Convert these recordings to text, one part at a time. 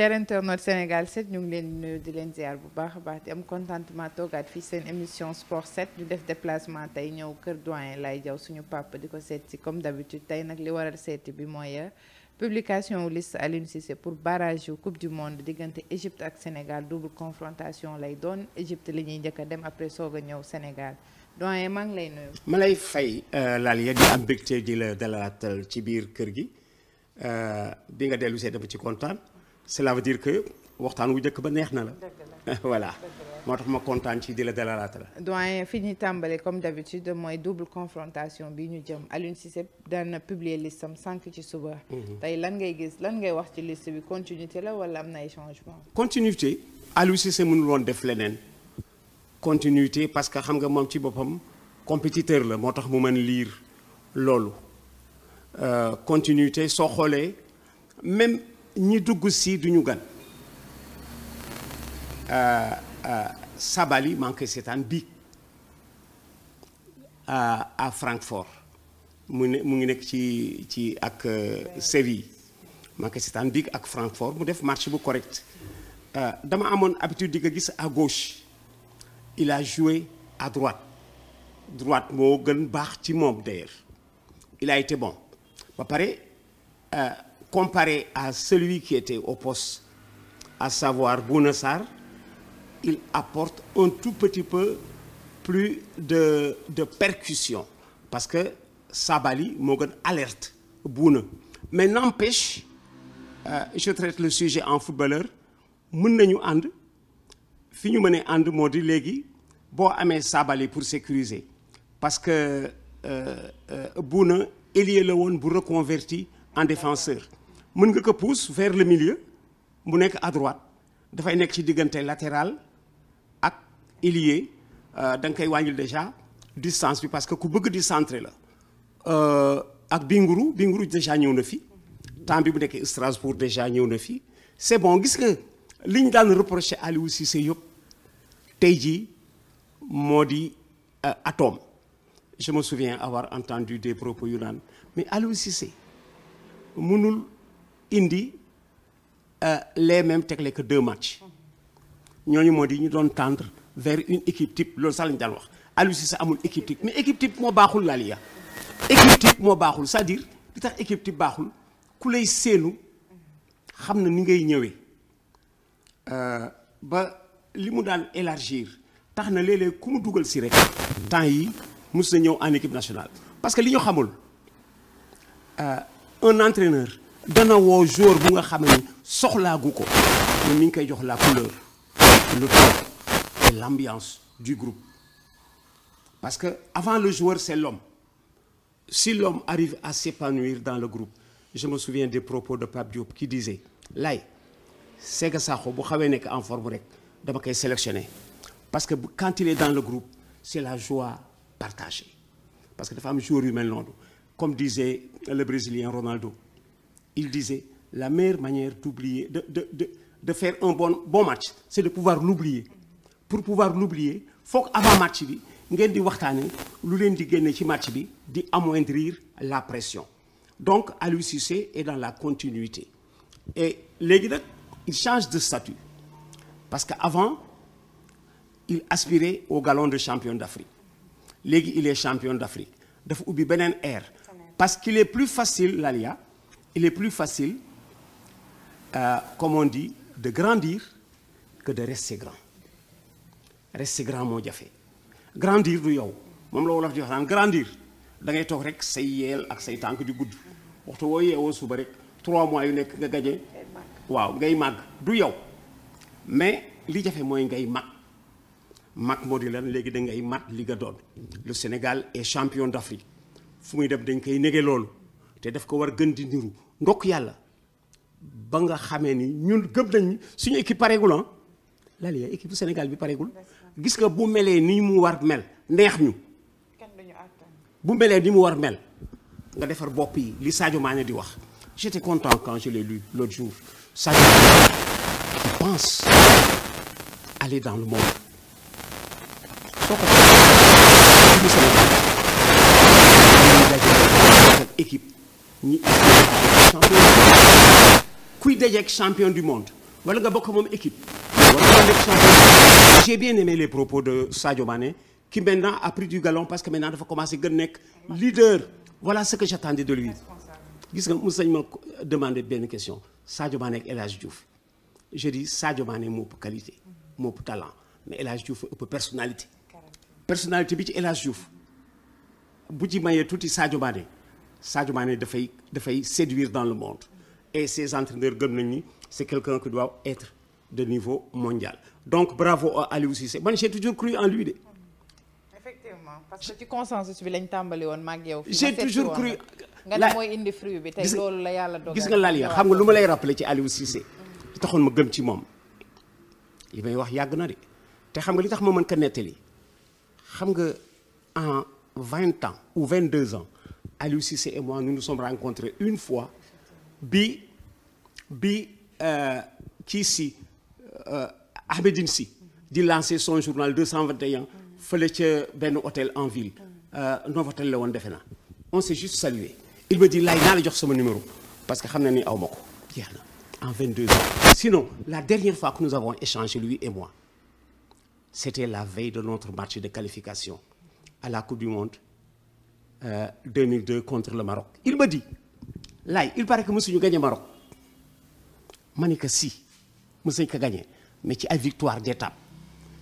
chers internautes Sénégal 7 ñu ngi leen di di leen ziar bu baax a baax di am contentement toogaat fii seen émission sport 7 ñu def déplacement tey ñëw kër doyen lay jaw suñu papa di ko seet si comme d'habitude tey nag li waral seeti bi mooy euh, publication list Aliou Cissé pour barage yu coupe du monde diggante Égypte ak Sénégal double confrontation lay doon Égypte li ñuy njëkk a dem après soog a ñëw Sénégal doyen maa ngi lay nuyu. ma lay fay euh, laal ya di am mbégte ci biir kër gi bi euh, nga dellu see ci kontaan. cela veut dire que waxtaan wu njëkk ba neex na la. voilà moo tax ma kontaan ci di la dalalaat la. doyen fi ñu tàmbalee comme d'habitude mooy double confrontation bi ñu jëm Aliou Cissé daan na publier listam sànq ci suba. Mhm. tey lan ngay gis lan ngay wax ci liste bi continuité la wala am na ay changement. continuité Aliou Cissé mënul woon def leneen continuité parce que xam nga moom ci boppam compétiteur la moo tax mu mën lire loolu euh, continuité soo xoolee même. ñi dugg sii duñu gan euh, euh, Sabali maa ngi koy seetaan biig euh, à Francfort mu ne mu ngi nekk ci ci ak Séville maa ngi koy seetaan biig ak Francfort mu def match bu correct dama amoon habitude di nga gis à gauche il a joué à droite droite moo gën baax ci moom d'ailleurs il a été bon ba pare comparé à celui qui était au poste, à savoir sar il apporte un tout petit peu plus de, de percussion parce que Sabali Mogan alerte Bouna. Mais n'empêche, euh, je traite le sujet en footballeur, mën nañu ànd fi ñu mënee ànd moo di léegi boo amee Sabali pour sécuriser parce que euh, euh, Bouna ailier la woon bu reconverti en défenseur. mën nga ko pousse vers le milieu mu nekk à dafay nekk ci diggante latéral ak ailier euh, danga koy wàññil déjà distance bi parce que ku bëgg di centré la euh, ak bi bi Binguru déjà ñëw na fi temps bi bu nekkee Strasbourg déjà ñëw na fi c'est bon gis nga li ñu daan reproché Aliou Cissé yëpp tey jii moo di euh, atome je me souviens avoir entendu des propos yu naan mais Aliou Cissé mënul indi euh, les même tegle que deux matchs ñooñu moo di ñu doon tendre vers une équipe type loolu sax lañu daan wax Aliou Cissé amul équipe type mais équipe type moo baaxul laa liya équipe type moo baaxul c'est-à-dire li tax équipe type baaxul ku lay seenu xam na ni ngay ñëwee euh, ba li mu daan élargir tax na léeg-léeg ku mu dugal si rek temps yi mus na ñëw en équipe nationale parce que li ñu xamul euh, un entraîneur dana woo jour bu nga xam ne soxlaagu ko mais mi ngi koy jox la couleur le ton et l'ambiance du groupe parce que avant le joueur c'est l'homme si l'homme arrive à s'épanouir dans le groupe je me souviens des propos de Pape Diop qui disait lay Sega Sakho bu xawee nekk en forme rek dama koy sélectionner parce que bu il dans le groupe c'est la joie partagée parce que dafa am joueur yu mel noonu comme disait le Brésilien Ronaldo il disait la meilleure manière d'oublier de de de de faire un bon bon match c'est de pouvoir l'oublier pour pouvoir l'oublier foog avant match bi ngeen di waxtaane lu leen di génne ci match bi di amoindrir la pression donc Aliou Cissé est dans la continuité et léegi nag il change de statut parce que avant il aspirait au gallon de champion d'Afrique léegi il est champion d'Afrique dafa ubbi beneen air parce qu'il est plus facile l'ALIA il est plus facile, euh, comme on de grandir que de rester grand rester grand moo jafe grandir du yow moom la wolof di wax naan grandir da ngay toog rek say yeel ak say tànk di gudd waxtu woo yeewoo suba rek trois mois yu nekk nga gañe waaw ngay màgg du yow mais li jafe mooy ngay mag mag moo di lan léegi da ngay mat li lu doon le Sénégal est champion d'Afrique fu muy dem dañ koy nege loolu te daf ko war gën di niru ndokk yàlla ba nga xamee ni ñun gëm nañ suñu équipe pareegul ah lal ya équipe Sénégal bi pareegul gis nga bu melee ni mu war mel neex ñu bu melee ni mu war mel nga defar bopp yi li Sadio di wax j'étais content quand je l'ai lu l'autre jour Sadio Mané pense aller dans le monde soo ko équipe ñi champion kuy dajeeg champion du monde wala nga bokk moom équipe j'ai bien aimé les propos de Sadio Mané qui maintenant a pris du galon parce que maintenant dafa commencer gën nekk leader voilà ce que j'attendais de lui gis nga mos nañ ma demander benn question Sadio Mané ak El Hadj Diouf je dis Sadio Mané moo ëpp qualité moo ëpp talent mais El Hadj Diouf ëpp personnalité personnalité bi ci El Hadj Diouf bu ci mayee tuuti Sadio Mané Sadio Mané dafay dafay séduire dans le monde et ces entraîneurs gëm nañ ni c'est quelqu'un qui doit être de niveau mondial donc bravo à Aliou Cissé man j'ai toujours cru en lui de. parce que ci consensus bi lañ tàmbali woon mag yow. j'ai toujours cru nga ne mooy yàlla dogal. gis nga lal ya xam nga lu ma lay rappeler ci Aliou Cissé. taxoon ma gëm ci moom li may wax yàgg na de te xam nga li tax ma mën ka nettali xam nga en vingt ans ou vingt deux ans. Aliou Cissé et moi nous nous sommes rencontrés une fois bi bi kii euh, si euh, Ahmedine si di lancer son journal 221 fële ca benn hôtel en ville euh, Novotel la woon defe naa on s'est juste salué il me dit laay naa la jox sama numéro parce que xam na ni aw ma ko na en 22 ans sinon la dernière fois que nous avons échangé lui et moi c'était la veille de notre match de qualification à la coupe du monde euh, 2002 contre le Maroc il m'a di laay il paraît que mësuñu gagné Maroc ma ne que si mësuñu ko gagné mais ci ay victoire d'étape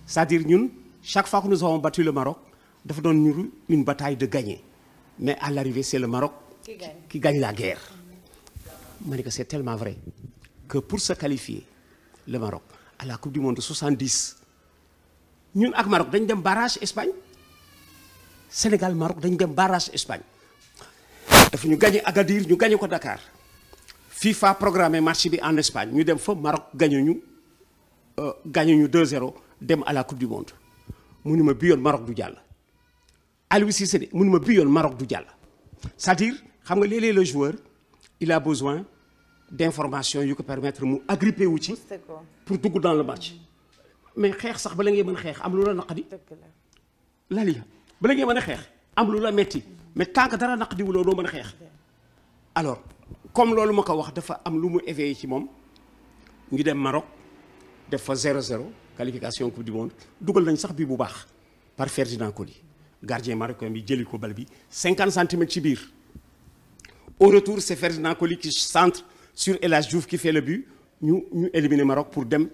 c'est-à-dire ñun chaque fois que nous avons battu le Maroc dafa doon ñu une bataille de gagner mais à l'arrivée c'est le Maroc qui gagne, qui gagne la guerre ma ne que c'est tellement vrai que pour se qualifier le Maroc à la Coupe du Monde 70 ñun ak Maroc dañ dem barage Espagne Sénégal Maroc dañu dem barrage Espagne dafa ñu gagné Agadir ñu gagné ko Dakar FIFA programme match bi en Espagne ñu dem fa Maroc gagné ñu euh, gañu ñu 2-0 dem à la coupe du monde mu nu ma bii yoon Maroc du jàll Aliou Cissé de mu ni ma bii yoon Maroc du jàll c'est-à-dire xam nga léeg-léeg le joueur il a besoin d'informations yu ko permettre mu agrippé wu ci pour dugg dans le match mais xeex sax ba la ngay xeex am lu la naqadi lali bala ngay mën a xeex am lu la metti mais tant que dara naq diwuloo doo mën a xeex alors comme loolu ma ko wax dafa am lu mu éveillé ci moom ñu dem Maroc def fa 0-0 qualification coupe du monde dugal nañ sax bii bu baax par Ferdinand Coly gardien marocain bi jëli ko bal bi 50 centimètres ci biir au retour c'est Ferdinand Coly qui centre sur El Hadj Diouf qui fait le ñu ñu éliminer Maroc pour dem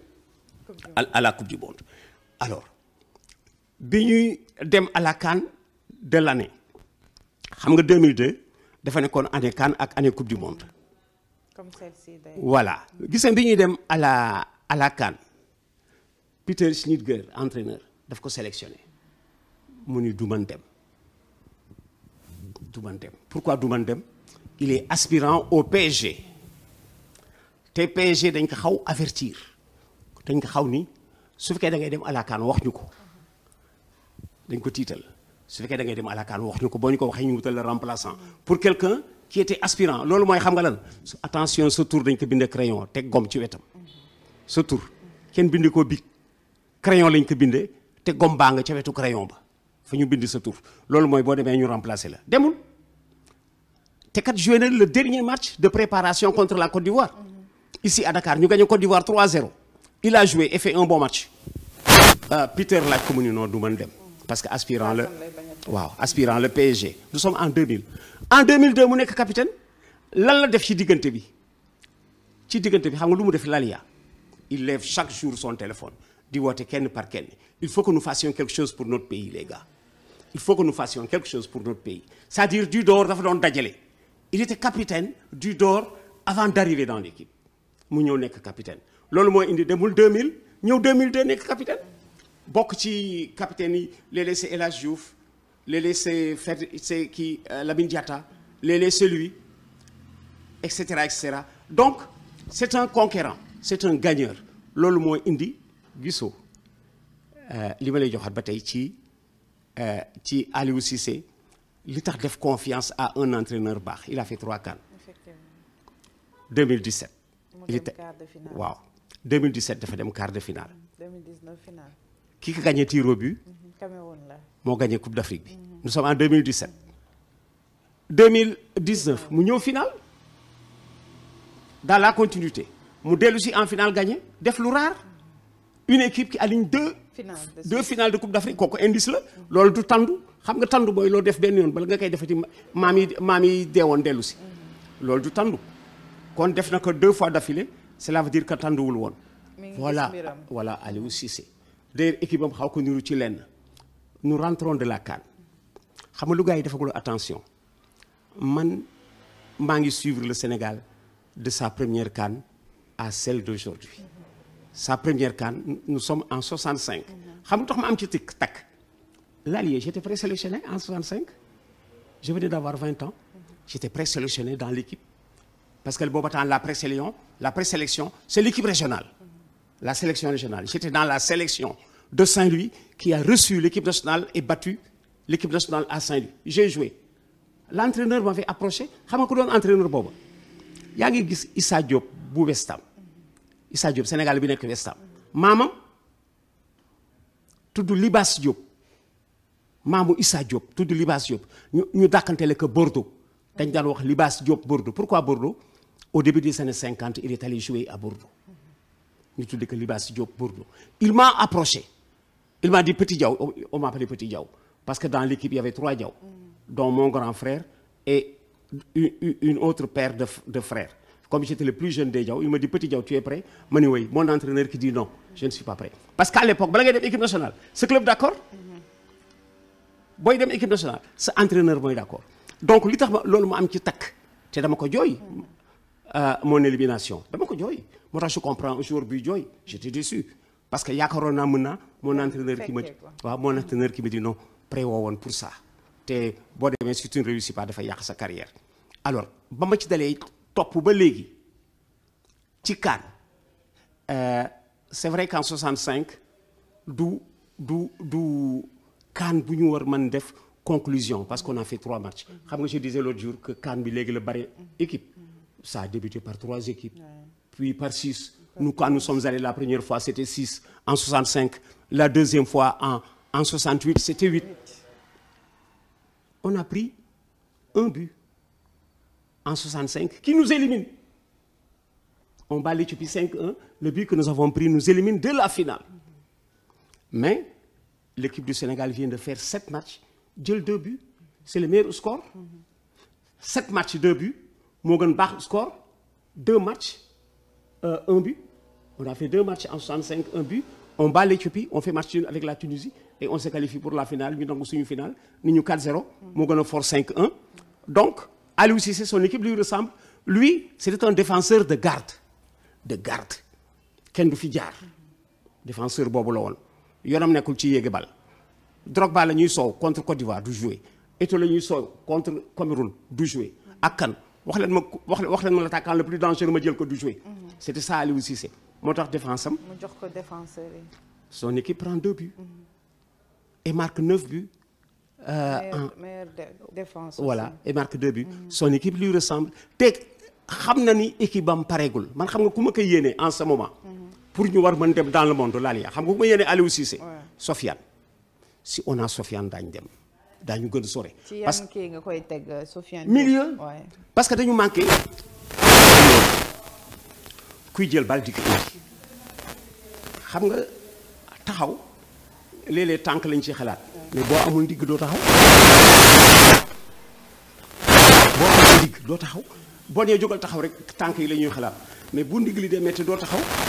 à la coupe du monde alors bi ñuy dem à de l' année xam nga 2002 dafa nekkoon année CAN ak année coupe du monde. comme celle-ci voilà gis nga bi ñuy dem à la à la CAN Peter Schnittger entraîneur daf ko sélectionné mu ni du dem du man dem pourquoi du dem il est aspirant au PSG te PSG dañ ko xaw avertir dañ ko xaw ni su fekkee da ngay dem à wax ñu ko. dañ ko tiital su fekkee da ngay dem àlakaan wax ñu ko boo ñu ko waxee ñu wutal le remplaçant pour quelqu'un qui était aspirant loolu mooy xam nga lan attention sa tur dañ ko bindee crayon teg gomme ci wetam sa tur kenn binde koo bic crayon lañ ko bindee te gomme baa nga ca wetu crayon ba fa ñu bind sa tur loolu mooy boo demee ñu remplacer la demul te kat joué na le dernier match de préparation contre la Côte d'Ivoire ici à Dakar ñu gagné Côte d'Ivoire a joué et fait un bon match ah, Peter laaj ko mu ni du man dem parce que aspirant la waaw aspirant le PSG nous sommes en 2000 en 2002 mu nekk capitaine lan la def ci diggante bi ci diggante bi xam nga lu mu def l'ALIA il lève chaque jour son téléphone di woote kenn par kenn il faut que nous fassions quelque chose pour notre pays les gars il faut que nous fassions quelque chose pour notre pays c'est-à-dire Dudor dafa doon dajale il était capitaine Dudor avant d'arriver dans l'équipe mu ñëw nekk capitaine loolu moo indi demul 2000 ñëw 2002 nekk capitaine bokk ci capitaine yi léeg-léeg c'est El Hadj Diouf léeg-léeg Fed c'est kii euh, Lamine Diatta léeg-léeg c'est lui et cetera et donc c'est un conquérant c'est un gagneur loolu mooy indi gisoo euh, li ma lay joxaat ba tey ci euh, ci Aliou Cissé li tax def confiance à un entraîneur baax il a fait trois CAN 2017 il était waaw 2017 dafa dem quart de finale finale ki ko gagné tir au but mhm, Cameroun la moo gagné coupe d'Afrique bi mhm. nous sommes en 2017 2019 mu ñëw final dans la continuité mu dellu si en finale gagné def lu rare mhm. une équipe qui aligne deux finale de deux finales de coupe d'Afrique kooku indice la loolu du tandu xam nga tandu mooy loo def benn yoon bala nga koy defati maam yi maam yi deewoon dellu si loolu du tandu kon def na ko deux fois d'affilée cela veut dire que tanduwul woon voilà voilà Aliou Cissé d'ailleurs équipe am xaw ko niru ci lenn nous rentrons de la CAN xam nga lu gars yi defaguloo attention man maa ngi suivre le Sénégal de sa première CAN à celle d'aujourd'hui sa première CAN nous sommes en xam nga tax ma am ci tikk takk l'allié j'étais présélectionné en 65 je venais d'avoir 20 ans j'étais présélectionné dans l'équipe parce que booba temps la présélection la présélection c'est l'équipe régionale la sélection régionale. J'étais dans la sélection de Saint-Louis qui a reçu l'équipe nationale et battu l'équipe nationale à Saint-Louis. J'ai joué. L'entraîneur m'avait approché. Je sais pas entraîneur Boba. Il y a Issa Diop, bu West Ham. Issa Diop, Sénégal, bi nekk West Ham. Maman, tudd Libas Diop. maamu Issa Diop tudd Libas Diop ñu ñu dàkkantele que Bordeaux dañ daan wax Libas Diop Bordeaux pourquoi Bordeaux au début des années 50 il est allé jouer à Bordeaux ñu tuddee que Libasse Diop Bordeaux il m'a approché il m'a dit Petit Diaw on m'appelait Petit Diaw parce que dans l'équipe il y avait trois Diaw dont mon grand frère et une autre paire de de frères comme j'étais le plus jeune des Diaw il me dit Petit Diaw tu es prêt ma ni oui mon entraîneur qui dit non je ne suis pas prêt parce qu'à l'époque bala ngay dem équipe nationale ce club d'accord booy dem équipe nationale sa entraîneur mooy d'accord donc li tax ma loolu ma am ci takk te dama ko Euh, mon élimination dama ko jooy moo tax je comprends aujourd'hui jooy j'étais déçu parce que yaakaaroon naa mën naa mon entraîneur qui ma waaw mon entraîneur qui me dit non pré woowoon pour ça te boo demee si tu ne réussis pas dafay yàq sa carrière alors ba ma ci dalee topp ba léegi ci kaan euh, c'est vrai qu'en 65 du du du kaan bu ñu war mën def conclusion parce qu'on a fait trois matchs xam nga je disais l'autre jour que kaan bi léegi la bare équipe ça a débuté par trois équipes. puis par six. nous quand nous sommes allés la première deuxième fois en en 68 c' était huit. on en 65 qui nous élimine. le but que nous avons pris nous mais l'équipe du Sénégal vient de faire sept matchs moo gën baax score deux matchs euh, un but on a fait deux matchs en 65 un on bat l'Éthiopie on fait match nul avec la Tunisie et on se qualifie pour la finale ñu nangu suñu finale ni ñu moo gën a fort 5-1 donc Aliou Cissé son équipe lui ressemble lui c'était un défenseur de garde de garde kenn du fi jaar défenseur boobu la woon yoonam nekkul ci yéegi bal Drogba la ñuy soow contre Côte d'Ivoire du jouer Eto'o la ñuy soow contre Cameroun du jouer ak kan wax leen ma wax wax leen ma le plus dangereux ma jël ko du jouer. Mhm. c' était ça Aliou Cissé moo tax défense jox ko défenseur yi. son équipe prend deux buts. Mhm. et marque neuf buts. Euh, en meilleure voilà et marque deux buts. Mhm. son équipe lui ressemble te xam na ni équipe am pareegul man xam nga ku ma koy yéene en ce moment. pour ñu war man dem dans le monde laal yaa xam nga ku ma yéene Aliou Cissé. Sofiane si on a Sofiane dem. daañu gën a sore. parce que ci yan nga koy teg euh, Sofiane. milieu parce que dañu manqué. kuy jël bal di xam nga taxaw léeg tànk lañ ci xalaat. mais boo amul ndigg doo taxaw. boo amul ndigg doo taxaw boo nee jógal taxaw rek tànk yi la ñuy xalaat mais bu ndigg li de metti doo taxaw.